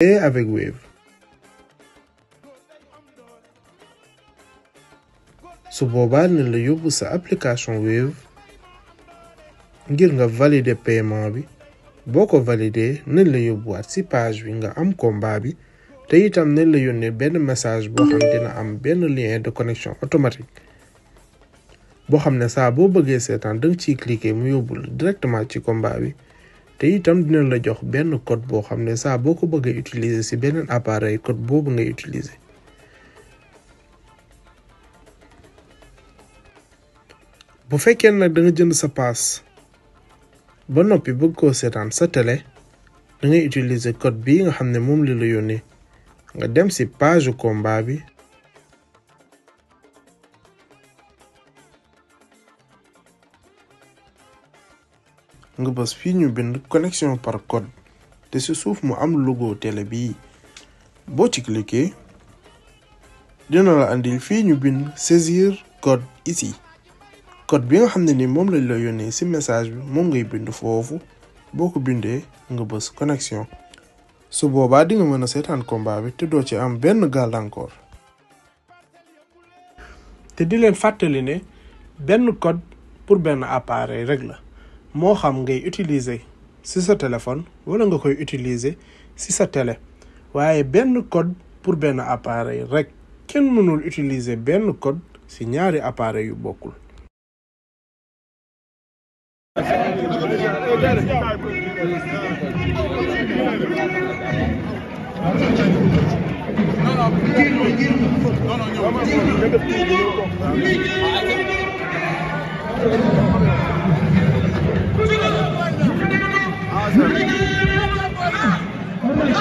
et avec Wave. su boobaa ne la yóbbu sa application Wave ngir nga valider paiement bi boo ko valider ne la yóbbuwaat ci bi nga am combat bi te itam ne la yónnee benn message boo xam dina am benn lien de connexion automatique boo xam ne saa boo bëggee seetaan danga ci cliquer mu yóbbul directement ci combat bi. te itam dina la jox benn code boo xam ne saa boo ko bëggee utiliser ci beneen appareil code boobu ngay utiliser. bu fekkee nag da nga jënd sa paas ba noppi bëgg koo seetaan sa télé da ngay utiliser code bii nga xam ne moom la la yónnee nga dem ci page combat bi. nga bës fii ñu bind connexion par code te ci suuf mu am logo télé bii boo ci cliquer dina la andil fii ñu bind saisir code ici code bi nga xam ne ni moom lañ la yónnee ci message bi moom ngay bind foofu boo ko bindee nga bës connexion su boobaa di nga mën a seetaan combat bi te doo ci am benn gàllankoor. te di leen fàttali ne benn code pour benn appareil rek la. moo xam ngay utilisé ci sa téléphone wala nga koy utiliser ci sa télé waaye benn code pour benn appareil rek kenn mënul utilisé benn code ci ñaari appareil yu bokkul.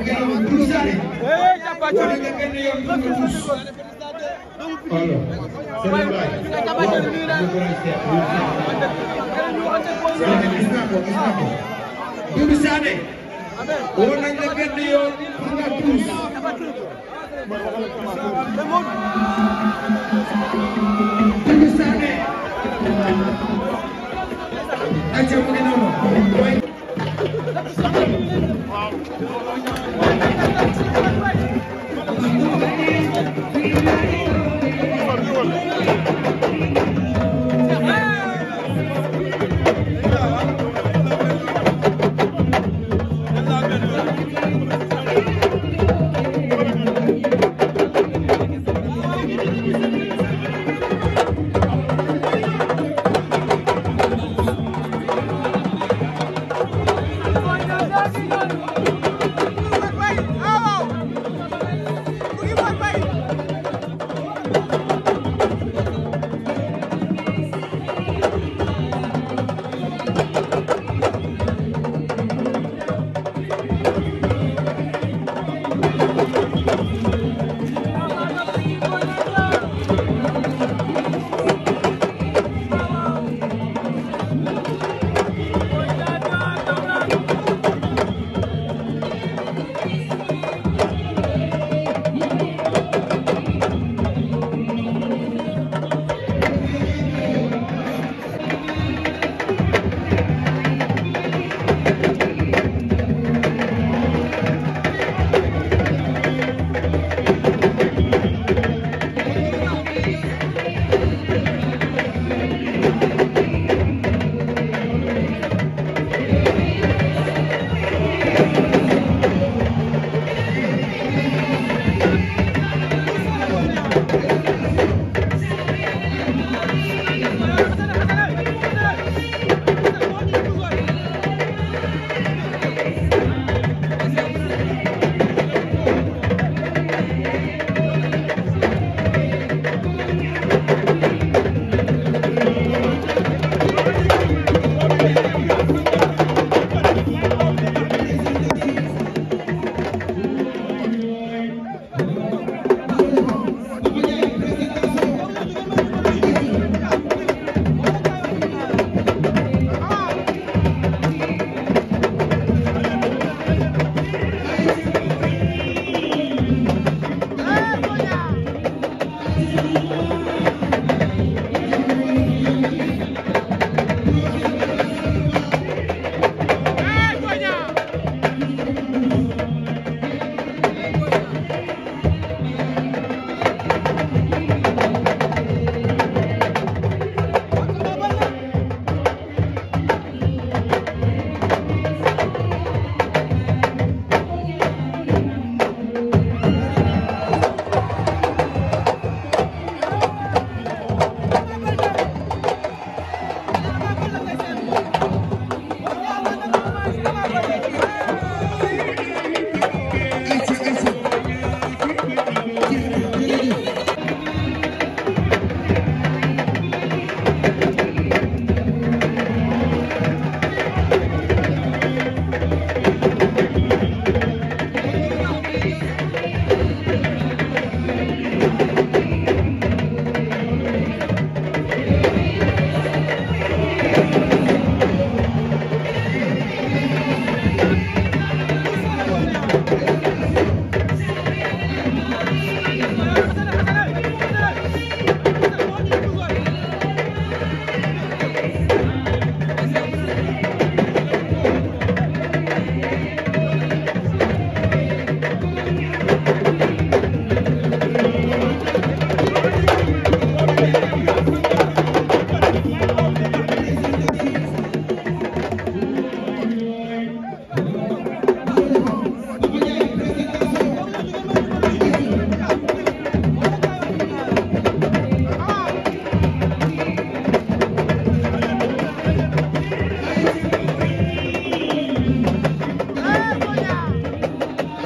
Également Doussane. wala nga gën a yomb dugg tous. alors. Serigne Baye waaw. Sénégal gis naa ko gis naa ko. Doussane. wala nga gën a yomb dugg tous. Doussane. ayca mu ngi noonu. waaw Thank you.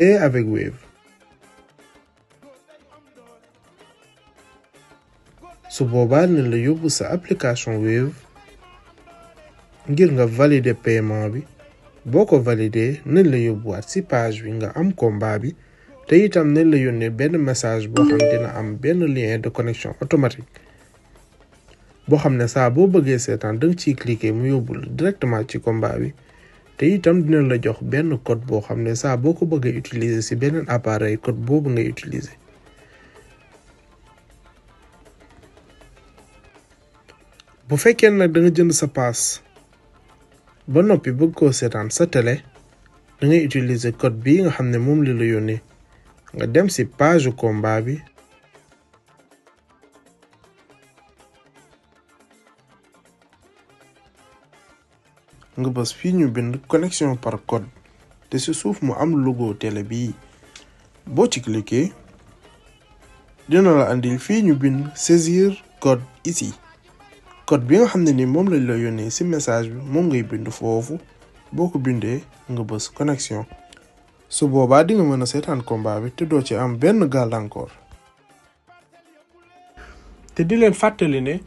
et avec Wave. su boobaa ne la yóbbu sa application Wave ngir nga valider paiement bi boo ko valider ne la yóbbuwaat ci bi nga am combat bi te itam ne la yónnee benn message boo xam dina am benn lien de connexion automatique boo xam ne saa boo bëggee seetaan danga ci cliquer mu yóbbu directement ci combat bi. te itam dina la jox benn code boo xam ne saa boo ko bëggee utiliser ci beneen appareil code boobu ngay utiliser. bu fekkee nag da nga jënd sa paas ba noppi bëgg koo seetaan sa télé da ngay code bii nga xam ne moom la la yónnee nga dem ci page combat bi. nga bës fii ñu bind connexion par code te ci suuf mu am logo télé bi boo ci cliquer dina la andil fii ñu bind saisir code ici code bi nga xam ne ni moom lañ la yónnee ci message bi moom ngay bind foofu boo ko bindee nga bës connexion su boobaa di nga mën a seetaan combat bi te doo ci am benn gàllankoor. te di leen fàttali ne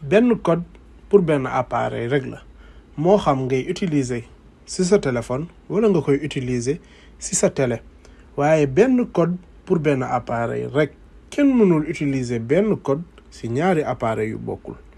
benn code pour benn appareil rek la. moo xam ngay utiliser ci sa téléphone wala nga koy utiliser ci sa télé waaye benn code pour benn appareil rekk kenn mënul utiliser benn code ci ñaari appareil yu bokkul